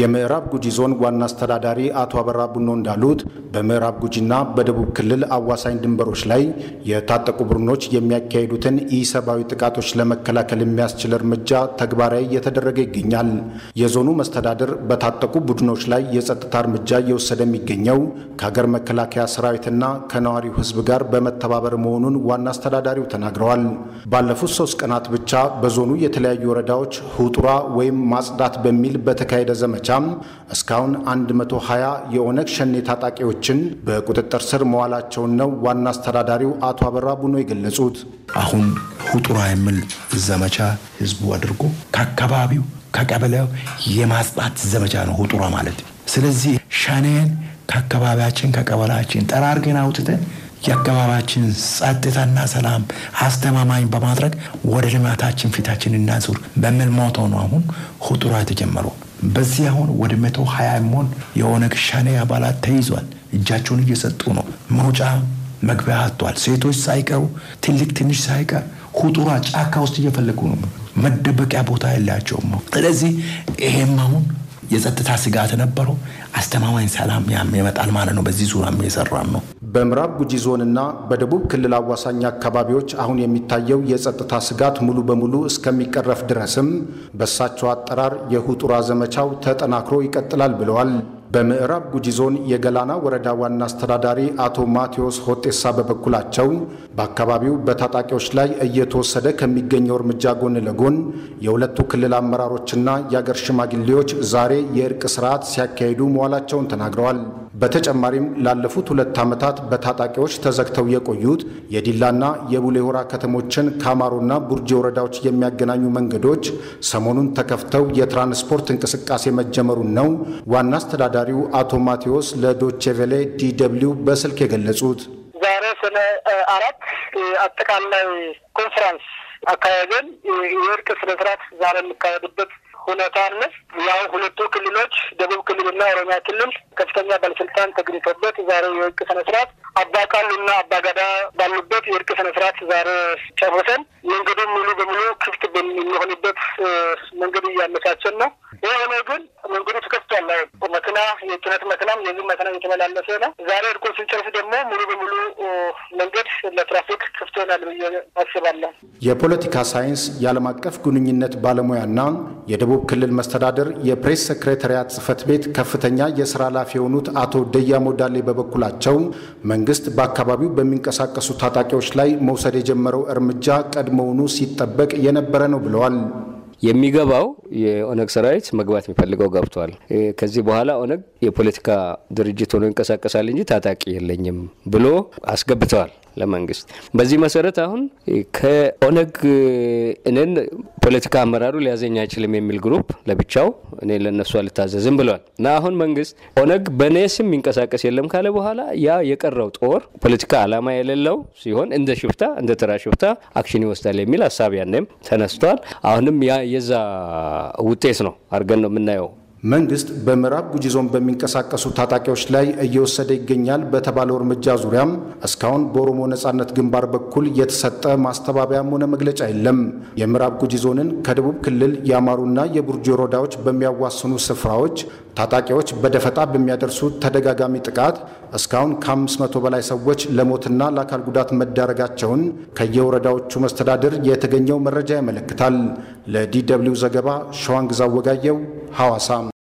የምዕራብ ጉጂ ዞን ዋና አስተዳዳሪ አቶ አበራ ቡኖ እንዳሉት በምዕራብ ጉጂና በደቡብ ክልል አዋሳኝ ድንበሮች ላይ የታጠቁ ቡድኖች የሚያካሂዱትን ኢሰብአዊ ጥቃቶች ለመከላከል የሚያስችል እርምጃ ተግባራዊ እየተደረገ ይገኛል። የዞኑ መስተዳድር በታጠቁ ቡድኖች ላይ የጸጥታ እርምጃ እየወሰደ የሚገኘው ከሀገር መከላከያ ሰራዊትና ከነዋሪው ሕዝብ ጋር በመተባበር መሆኑን ዋና አስተዳዳሪው ተናግረዋል። ባለፉት ሶስት ቀናት ብቻ በዞኑ የተለያዩ ወረዳዎች ሁጡራ ወይም ማጽዳት በሚል በተካሄደ ዘመቻ ዘመቻም እስካሁን 120 የኦነግ ሸኔ ታጣቂዎችን በቁጥጥር ስር መዋላቸውን ነው ዋና አስተዳዳሪው አቶ አበራ ቡኖ የገለጹት። አሁን ሁጡራ የሚል ዘመቻ ህዝቡ አድርጎ ከአካባቢው ከቀበሌው የማጽዳት ዘመቻ ነው ሁጡራ ማለት። ስለዚህ ሸኔን ከአካባቢያችን ከቀበላችን ጠራርገን አውጥተን የአካባቢያችን ጸጥታና ሰላም አስተማማኝ በማድረግ ወደ ልማታችን ፊታችን እናዙር በሚል ሞቶ ነው አሁን ሁጡራ የተጀመረው። በዚህ አሁን ወደ መቶ ሀያ የሚሆን የኦነግ ሸኔ አባላት ተይዟል። እጃቸውን እየሰጡ ነው። መውጫ መግቢያ አጥቷል። ሴቶች ሳይቀሩ ትልቅ ትንሽ ሳይቀር ሁጡራ ጫካ ውስጥ እየፈለጉ ነው። መደበቂያ ቦታ የላቸውም። ስለዚህ ይሄም አሁን የጸጥታ ስጋት ነበረው። አስተማማኝ ሰላም ያም ይመጣል ማለት ነው። በዚህ ዙሪያ የሰራም ነው። በምዕራብ ጉጂ ዞንና በደቡብ ክልል አዋሳኝ አካባቢዎች አሁን የሚታየው የጸጥታ ስጋት ሙሉ በሙሉ እስከሚቀረፍ ድረስም በእሳቸው አጠራር የሁጡራ ዘመቻው ተጠናክሮ ይቀጥላል ብለዋል። በምዕራብ ጉጂ ዞን የገላና ወረዳ ዋና አስተዳዳሪ አቶ ማቴዎስ ሆጤሳ በበኩላቸው በአካባቢው በታጣቂዎች ላይ እየተወሰደ ከሚገኘው እርምጃ ጎን ለጎን የሁለቱ ክልል አመራሮችና የአገር ሽማግሌዎች ዛሬ የእርቅ ስርዓት ሲያካሂዱ መዋላቸውን ተናግረዋል። በተጨማሪም ላለፉት ሁለት ዓመታት በታጣቂዎች ተዘግተው የቆዩት የዲላና የቡሌሆራ ከተሞችን ከአማሮና ቡርጂ ወረዳዎች የሚያገናኙ መንገዶች ሰሞኑን ተከፍተው የትራንስፖርት እንቅስቃሴ መጀመሩን ነው ዋና አስተዳዳሪው አቶ ማቴዎስ ለዶቼቬሌ ዲደብሊው በስልክ የገለጹት። ዛሬ ስለ አራት አጠቃላይ ኮንፈረንስ አካሄደን የእርቅ ስነስርዓት ዛሬ የሚካሄድበት ሁኔታ አለ። ያው ሁለቱ ክልሎች ደቡብ ክልልና ኦሮሚያ ክልል ከፍተኛ ባለስልጣን ተገኝቶበት ዛሬ የእርቅ ስነስርዓት አባቃሉና አባጋዳ ባሉበት የእርቅ ስነስርዓት ዛሬ ጨርሰን መንገዱ ሙሉ በሙሉ ክፍት በሚሆንበት መንገድ እያመቻቸን ነው። ይህ ሆኖ ግን መንገዱ ተከፍቷል። መኪና የጭነት መኪናም የዚህ መኪና እየተመላለሰ ነው። ዛሬ እርቆ ስንጨርስ ደግሞ ሙሉ በሙሉ መንገድ ለትራፊክ ክፍት ይሆናል ብዬ አስባለሁ። የፖለቲካ ሳይንስ የዓለም አቀፍ ግንኙነት ባለሙያና የደቡብ ክልል መስተዳደር የፕሬስ ሴክሬታሪያት ጽህፈት ቤት ከፍተኛ የስራ ኃላፊ የሆኑት አቶ ደያሞ ዳሌ በበኩላቸው መንግስት በአካባቢው በሚንቀሳቀሱ ታጣቂዎች ላይ መውሰድ የጀመረው እርምጃ ቀድሞውኑ ሲጠበቅ የነበረ ነው ብለዋል። የሚገባው የኦነግ ሰራዊት መግባት የሚፈልገው ገብቷል። ከዚህ በኋላ ኦነግ የፖለቲካ ድርጅት ሆኖ ይንቀሳቀሳል እንጂ ታጣቂ የለኝም ብሎ አስገብተዋል። ለመንግስት። በዚህ መሰረት አሁን ከኦነግ እኔን ፖለቲካ አመራሩ ሊያዘኝ አይችልም የሚል ግሩፕ ለብቻው እኔ ለእነሱ አልታዘዝም ብለዋል እና አሁን መንግስት ኦነግ በእኔ ስም የሚንቀሳቀስ የለም ካለ በኋላ ያ የቀረው ጦር ፖለቲካ አላማ የሌለው ሲሆን እንደ ሽፍታ እንደ ተራ ሽፍታ አክሽን ይወስዳል የሚል ሀሳብ ያኔም ተነስቷል። አሁንም ያ የዛ ውጤት ነው አድርገን ነው የምናየው። መንግስት በምዕራብ ጉጂ ዞን በሚንቀሳቀሱ ታጣቂዎች ላይ እየወሰደ ይገኛል በተባለው እርምጃ ዙሪያም እስካሁን በኦሮሞ ነጻነት ግንባር በኩል የተሰጠ ማስተባበያም ሆነ መግለጫ የለም። የምዕራብ ጉጂ ዞንን ከደቡብ ክልል የአማሩና የቡርጂ ወረዳዎች በሚያዋስኑ ስፍራዎች ታጣቂዎች በደፈጣ በሚያደርሱ ተደጋጋሚ ጥቃት እስካሁን ከ500 በላይ ሰዎች ለሞትና ለአካል ጉዳት መዳረጋቸውን ከየወረዳዎቹ መስተዳድር የተገኘው መረጃ ያመለክታል። ለዲ ደብልዩ ዘገባ ሸዋንግዛ ወጋየው ሐዋሳም